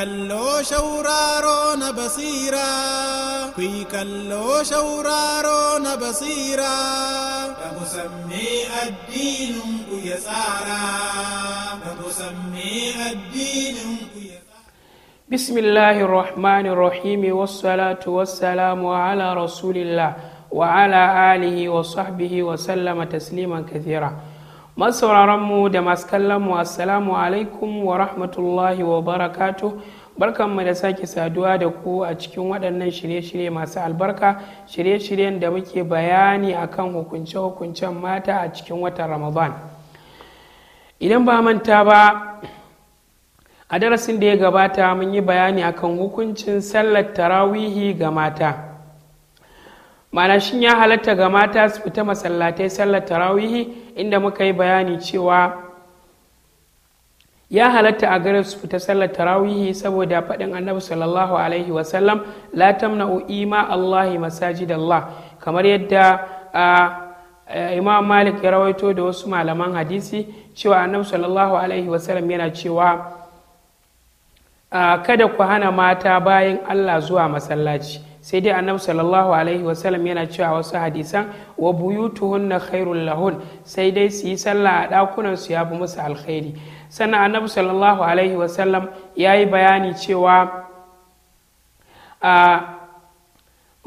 kalloo shawraaroo na basiiraa kuyi kalloo shawraaroo na basiiraa kamusammee addiinuun guyya saaraa kamusammee addiinuun guyya بسم الله الرحمن الرحيم والصلاة والسلام على رسول الله وعلى آله وصحبه وسلم تسليما كثيرا masauraran mu da masu kallon mu assalamu alaikum wa rahmatullahi wa barakatu barkan mu da sake saduwa da ku a cikin waɗannan shirye-shirye masu albarka shirye-shiryen da muke bayani akan hukunce-hukuncen mata a cikin watan ramadan idan ba manta ba a darasin da ya gabata mun yi bayani akan hukuncin sallar tarawihi ga mata Ma'ana shin ya halatta ga mata su fita masallatai sallar tarawihi inda muka yi bayani cewa ya halatta a gare su fita sallar tarawihi saboda faɗin annabi sallallahu alaihi wasallam la tamna'u ima allahi masajid allah kamar yadda imam malik ya rawaito da wasu malaman hadisi cewa annabi sallallahu alaihi wasallam yana cewa kada ku hana mata bayan allah zuwa masallaci sai dai annabi sallallahu alaihi wasallam yana cewa wasu hadisan wa buyutuhunna khairul lahun sai dai su yi sallah a dakunan su ya fi musu alkhairi sannan annabi sallallahu alaihi wasallam ya yi bayani cewa a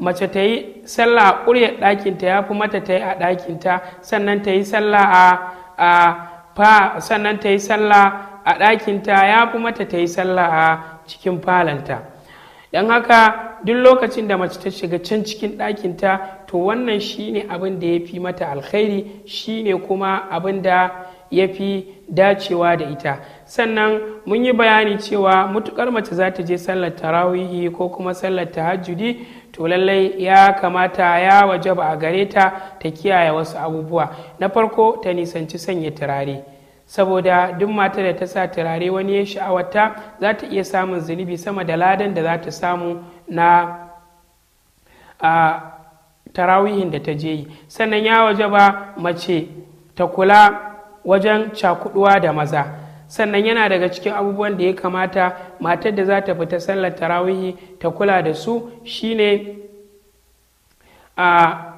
mace ta yi sallah a ƙuryar ɗakinta ya fi mata ta yi a ɗakinta sannan ta yi sallah a fa sannan ta yi sallah a ɗakinta ya fi mata ta yi sallah a cikin falanta don haka duk lokacin da mace ta shiga can cikin ɗakinta to wannan shine abin da ya fi mata alkhairi shine kuma abin da ya fi dacewa da ita sannan mun yi bayani cewa mutukar mace za ta je sallar tarawihi ko kuma sallar tahajjudi to lallai ya kamata ya waje ba a gare ta ta kiyaye wasu abubuwa na farko ta nisanci sanya turare saboda duk mata da ta sa turare wani ya sha'awata za ta iya samun zunubi sama da ladan da za ta samu na a tarawihin da ta je yi sannan ya waje ba mace ta kula wajen cakuduwa da maza sannan yana daga cikin abubuwan da ya kamata matar da za ta fita sallar tarawihi ta kula da su shine a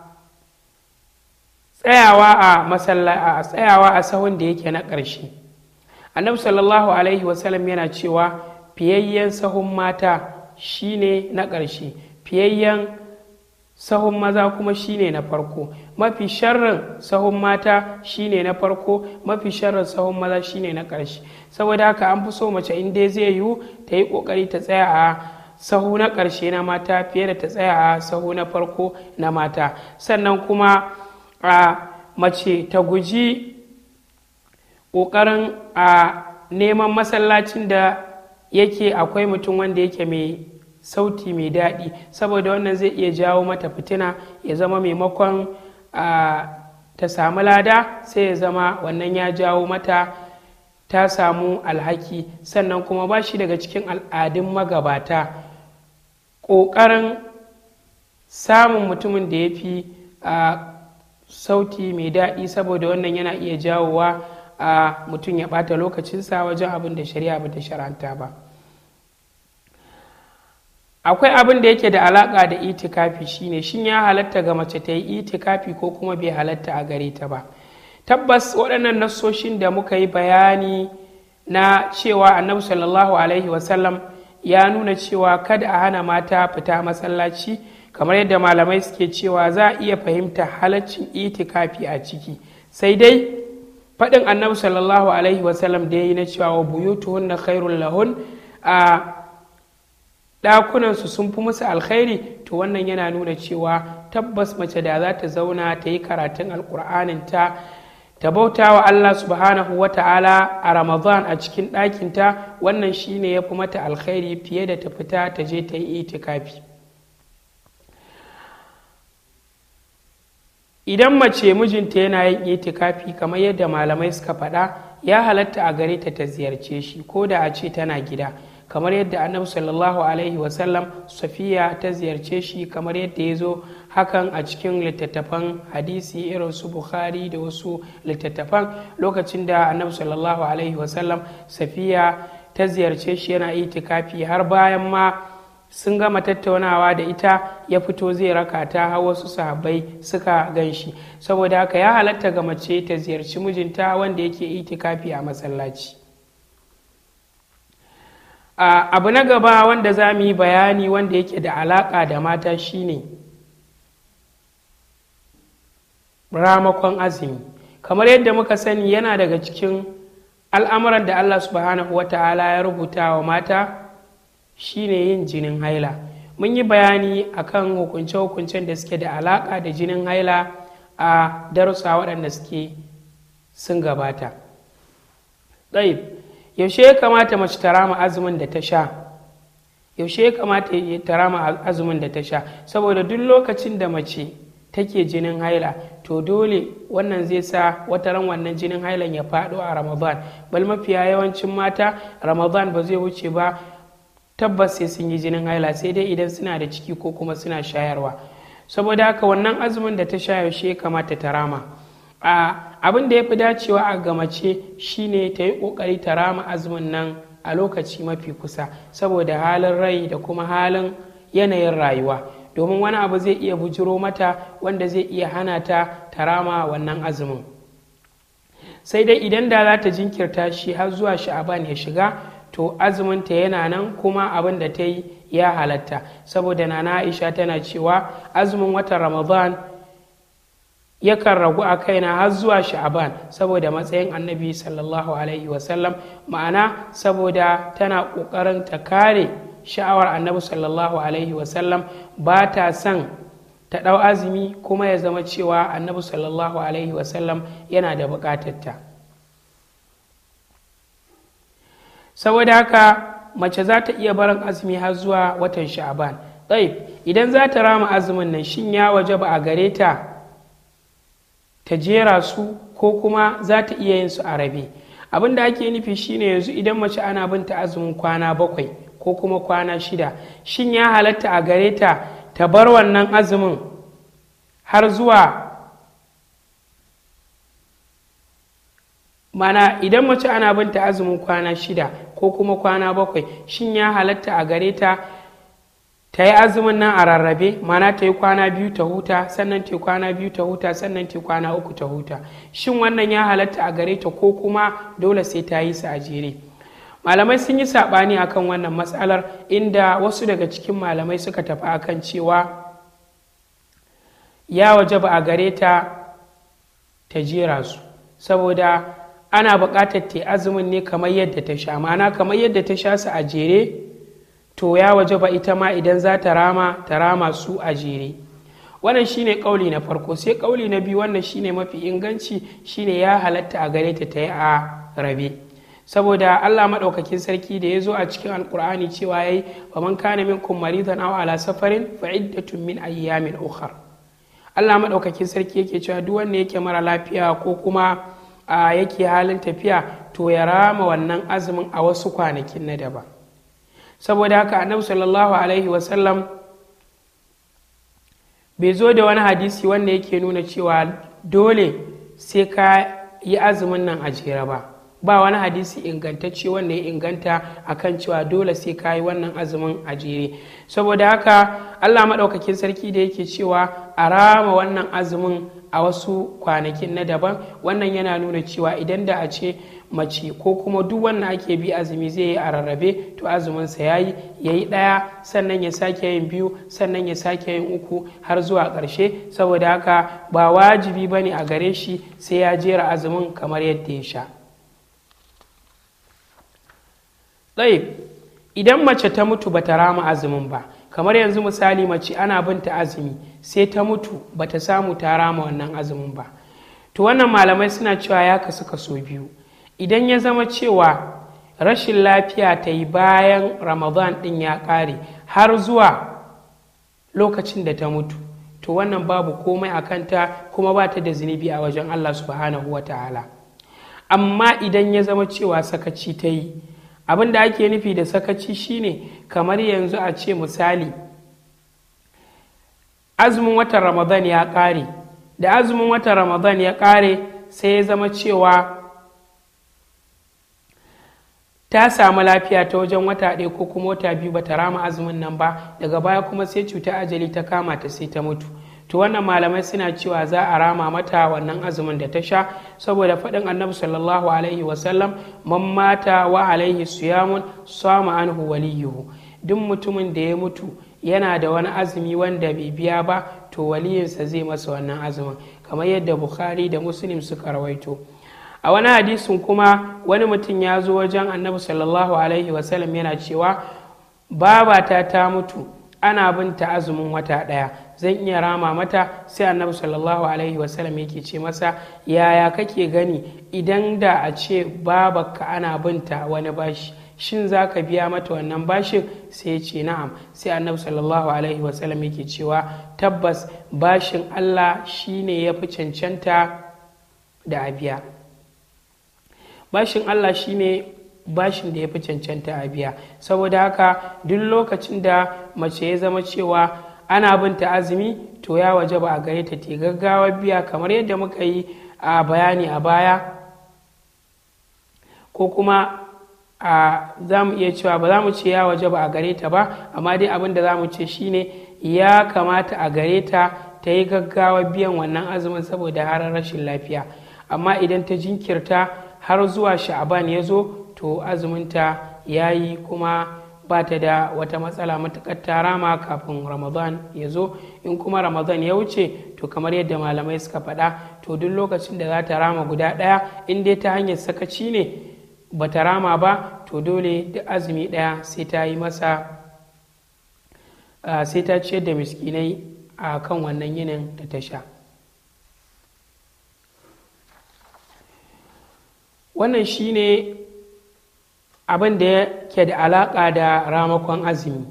tsayawa a masallaci a tsayawa a sahun da yake na ƙarshe annabi sallallahu alaihi wasallam yana cewa fiyayyen sahun mata shine na ƙarshe fiyayyen sahun maza kuma shine na farko mafi sharrin sahun mata shine na farko mafi sharrin sahun maza shine na ƙarshe saboda haka an fi so mace in dai zai yiwu ta yi ƙoƙari ta tsaya a sahu na ƙarshe na mata fiye da ta tsaya a sahu na farko na mata sannan kuma a mace ta guji ƙoƙarin a neman masallacin da yake akwai mutum wanda yake mai sauti mai daɗi saboda wannan zai iya jawo mata fitina ya zama maimakon ta samu lada sai ya zama wannan ya jawo mata ta samu alhaki sannan kuma ba shi daga cikin al'adun magabata ƙoƙarin samun mutumin da ya fi sauti mai daɗi saboda wannan yana iya jawowa a mutum ya ɓata lokacinsa wajen abin da shari'a ba ta sharanta ba akwai abin da yake da alaƙa da itikafi shine shin ya halatta ga mace ta yi itikafi ko kuma bai halatta a gare ta ba tabbas waɗannan nassoshin da muka yi bayani na cewa annabi sallallahu alaihi wasallam ya nuna cewa kada a hana mata fita masallaci kamar yadda malamai suke cewa za a iya fahimta halaccin itikafi a ciki sai dai faɗin annabi sallallahu alaihi wasallam da ya yi na cewa wa buyutuhun na khairun lahun a ɗakunansu sun fi musu alkhairi to wannan yana nuna cewa tabbas mace da za ta zauna ta yi karatun alkur'anin ta ta bauta wa Allah subhanahu wa ta'ala a Ramadan a cikin ɗakinta wannan shine ya fi mata alkhairi fiye da ta fita ta je ta yi itikafi. idan mace mijinta yana yin itikafi kamar yadda malamai suka faɗa ya halatta a gare ta ta ziyarce shi ko da a ce tana gida kamar yadda annabi sallallahu alaihi wasallam safiya ta ziyarce shi kamar yadda ya zo hakan a cikin littattafan hadisi irin su bukhari da wasu littattafan lokacin da annabi sallallahu alaihi wasallam safiya ta ziyarce shi yana itikafi har bayan ma sun gama tattaunawa da ita ya fito zai raka ta har wasu sahabbai suka ganshi saboda haka ya halatta ga mace ta ziyarci mijinta wanda yake itikafi a masallaci abu na gaba wanda za mu yi bayani wanda yake da alaƙa da mata shine ramakon azumi kamar yadda muka sani yana daga cikin al'amuran da allah subhanahu wa ta'ala ya rubuta wa mata shine yin jinin haila mun yi bayani a kan hukunce-hukuncen da suke da alaka da jinin haila a darussa waɗanda suke sun gabata yaushe ya kamata mace ta rama azumin da ta sha yaushe ya kamata ta rama azumin da ta sha saboda duk lokacin da mace take jinin haila to dole wannan zai sa wata ran wannan jinin hailan ya faɗo a ramadan bal mafiya yawancin mata ramadan ba zai wuce ba tabbas sai sun yi jinin haila sai dai idan suna da ciki ko kuma suna shayarwa saboda haka wannan azumin da ta shayar shi kamata ta rama abin da ya fi dacewa a gamace shine ta yi ƙoƙari ta rama azumin nan a lokaci mafi kusa saboda halin rai da kuma halin yanayin rayuwa domin wani abu zai iya bujiro mata wanda zai iya hana ta ta rama wannan azumin sai dai idan da za ta jinkirta shi har zuwa sha'aban ya shiga to azuminta yana nan kuma abin da ta yi ya halatta saboda na aisha tana cewa azumin watan ramadan yakan ragu a kaina har zuwa sha'aban saboda matsayin annabi sallallahu alaihi wasallam ma'ana saboda tana ƙoƙarin ta kare sha'awar annabi sallallahu alaihi wasallam ba ta son ta ɗau azumi kuma ya zama cewa annabi sallallahu alaihi wasallam yana da buƙatarta saboda haka mace za ta iya barin azumi har zuwa watan sha'aban ɗai idan za ta rama azumin nan shin ya waje ba a gare ta ta jera su ko kuma za ta iya yin su a rabe abin da ake nufi shine yanzu idan mace ana binta azumin kwana bakwai ko kuma kwana shida shin ya halatta a gare ta ta bar wannan azumin har zuwa mana idan mace ana bin ta azumin kwana shida ko kuma kwana bakwai shin ya halatta a gare ta ta yi azumin nan a rarrabe mana ta yi kwana biyu ta huta sannan ta kwana biyu ta huta sannan ta kwana uku ta huta shin wannan ya halatta a gare ta ko kuma dole sai ta yi su a jere malamai sun yi saɓani akan wannan matsalar inda wasu daga cikin malamai suka tafi akan cewa ya waje ba a gare ta ta jera su saboda ana buƙatar ta azumin ne kamar yadda ta sha mana kamar yadda ta sha su a jere to ya waje ba ita ma idan za ta rama ta rama su a jere wannan shine kauli na farko sai kauli na biyu wannan shine mafi inganci shine ya halatta a gare ta ta yi a rabe saboda Allah maɗaukakin sarki da ya zo a cikin alkur'ani cewa yayi wa man kana minkum maridan aw ala safarin fa iddatun min ayyamin ukhra Allah maɗaukakin sarki yake cewa duk wanda yake mara lafiya ko kuma a yake halin tafiya to ya rama wannan azumin a wasu kwanakin na daba. saboda haka annabi sallallahu alaihi wasallam bai zo da wani hadisi wanda yake nuna cewa dole sai ka yi azumin nan a jere ba ba wani hadisi ingantacce wanda ya inganta a kan cewa dole sai ka yi wannan azumin a jere saboda haka allah maɗaukakin sarki da yake cewa a rama wannan azumin a wasu kwanakin na daban wannan yana nuna cewa idan da a ce mace ko kuma duk wanda ake bi azumi zai yi a rarrabe to azuminsa ya yi ya yi ɗaya sannan ya sake yin biyu sannan ya sake yin uku har zuwa ƙarshe saboda haka ba wajibi ba ne a gare shi sai ya jera azumin kamar yadda ya sha tsayi idan mace ta mutu bata rama azumin ba kamar yanzu misali mace ana binta azumi sai ta mutu bata samu ta rama wannan azumin ba to wannan malamai suna cewa ya kasu kaso biyu idan ya zama cewa rashin lafiya ta yi bayan ramadan din ya kare har zuwa lokacin da ta mutu to wannan babu komai a kanta kuma ba ta da zunubi a wajen allah subhanahu wa ta'ala amma idan ya zama cewa sakaci ta yi abin da ake nufi da sakaci shine kamar yanzu a ce misali azumin watan ramadan ya ƙare da azumin watan ramadan ya ƙare sai ya zama cewa ta samu lafiya ta wajen wata ɗaya ko kuma wata biyu ba ta rama azumin nan ba daga baya kuma sai cuta ajali ta kama ta sai ta mutu to wannan malamai suna cewa za a rama mata wannan azumin da ta sha saboda faɗin annabi sallallahu alaihi wasallam man mata wa alaihi suyamun sama anhu waliyuhu duk mutumin da ya mutu yana da wani azumi wanda bai biya ba to waliyinsa zai masa wannan azumin kamar yadda bukhari da muslim suka rawaito a wani hadisin kuma wani mutum ya zo wajen annabi sallallahu alaihi wasallam yana cewa babata ta mutu ana binta azumin wata ɗaya zan iya rama mata sai annabi sallallahu alaihi wasallam yake ce masa yaya kake gani idan da a ce babakka ana binta wani bashi shin za ka biya mata wannan bashin sai ya ce na'am sai annabi sallallahu alaihi wasallam yake cewa tabbas bashin allah shine ya fi cancanta da a biya bashin allah shine bashin da ya fi cancanta a biya saboda haka duk lokacin da mace ya zama cewa ana bin ta azumi to ya waje ba a gare ta te gaggawa biya kamar yadda muka yi a bayani a baya ko kuma a za mu iya cewa ba za mu ce ya waje ba a gare ta ba amma dai abin da za mu ce shine ya kamata a gare ta ta yi gaggawar biyan wannan azumin saboda harar rashin lafiya amma idan ta jinkirta har zuwa sha'aban ya zo to azuminta ya yi kuma ba ta da wata matsala matuƙar ta rama kafin ramadan ya zo in kuma ramadan ya wuce to kamar yadda malamai suka faɗa to duk lokacin da za ta rama guda ɗaya in dai ta hanyar sakaci ne ba ta rama ba to dole da azumi ɗaya sai ta yi masa ah, sai ta ciyar da miskinai a kan wannan yinin da ta sha wannan shine abin da ke da alaƙa da ramakon azumi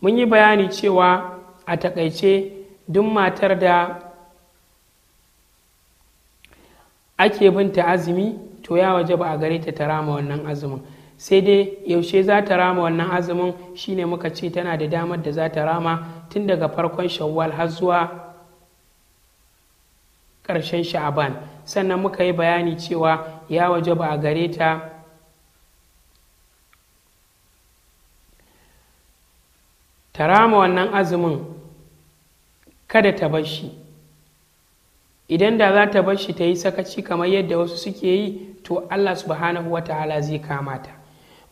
mun yi bayani cewa a takaice duk matar da ake binta azumi to ya waje ba a gare ta ta rama wannan azumin sai dai yaushe za ta rama wannan azumin shine muka ce tana da damar da za ta rama tun daga farkon shawwal har zuwa ƙarshen sha'aban sannan muka yi bayani cewa ya waje ba a gare ta ta rama wannan azumin kada ta bar shi idan da za ta bar shi ta yi sakaci kamar yadda wasu suke yi to allah subhanahu wa ta'ala zai kama ta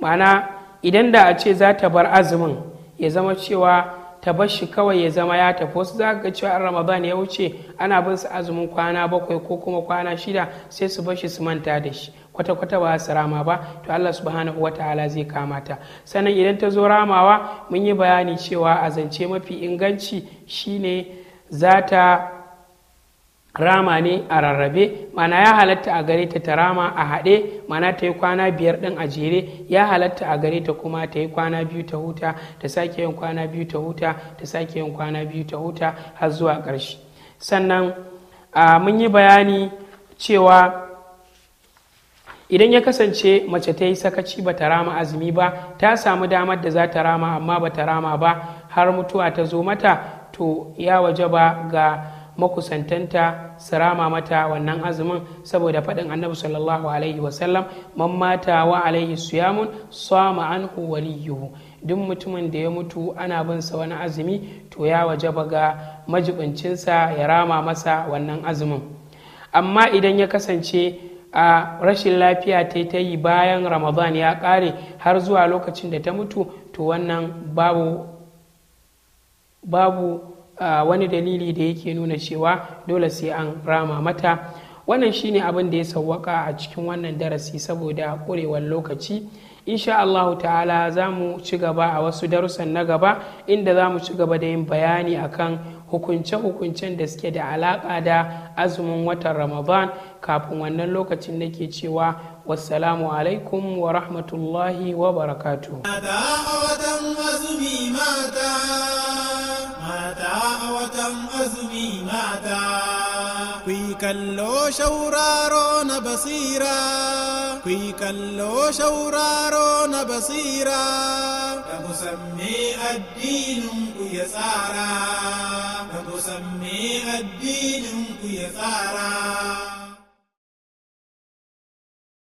ma'ana idan da a ce za ta bar azumin ya zama cewa ta bar shi kawai ya zama ya tafi wasu za ga cewa ramadan ya wuce ana bin su azumin kwana bakwai ko kuma kwana shida sai su bar shi su manta da shi kwata-kwata ba su rama ba to Allah subhanahu wa ta'ala zai kama ta sannan idan ta zo ramawa mun yi bayani cewa a zance mafi inganci shine za ta rama ne a rarrabe mana ya halatta a gare ta ta rama a haɗe mana ta yi kwana biyar ɗin a jere ya halatta a gare ta kuma ta yi kwana biyu ta huta ta sake yin kwana biyu ta huta ta sake yin kwana biyu ta huta har zuwa ƙarshe sannan mun yi bayani cewa idan ya kasance mace ta yi sakaci ba ta rama azumi ba ta samu damar da za ta rama amma ba ta rama ba har mutuwa ta zo mata to ya waje ba ga makusantanta su rama mata wannan azumin saboda faɗin annabi sallallahu alaihi wasallam man mata wa alaihi suyamun sama anhu waliyuhu duk mutumin da ya mutu ana bin sa wani azumi to ya waje ba ga majibincinsa ya rama masa wannan azumin amma idan ya kasance a rashin lafiya ta ta yi bayan ramadan ya ƙare har zuwa lokacin da ta mutu to wannan babu babu wani dalili da yake nuna cewa dole sai an rama mata wannan shine abin da ya sauwaka a cikin wannan darasi saboda ƙurewar lokaci insha Allahu ta'ala za mu ci gaba a wasu darussan na gaba inda za mu ci gaba da yin bayani akan hukunce-hukuncen da suke da alaƙa da azumin watan ramadan kafin wannan lokacin nake cewa wassalamu alaikum wa rahmatullahi wa barakatu kallo shauraro na basira, kui kallo shauraro na basira, da musamman addinin ku ya tsara. غدي الدين يثارا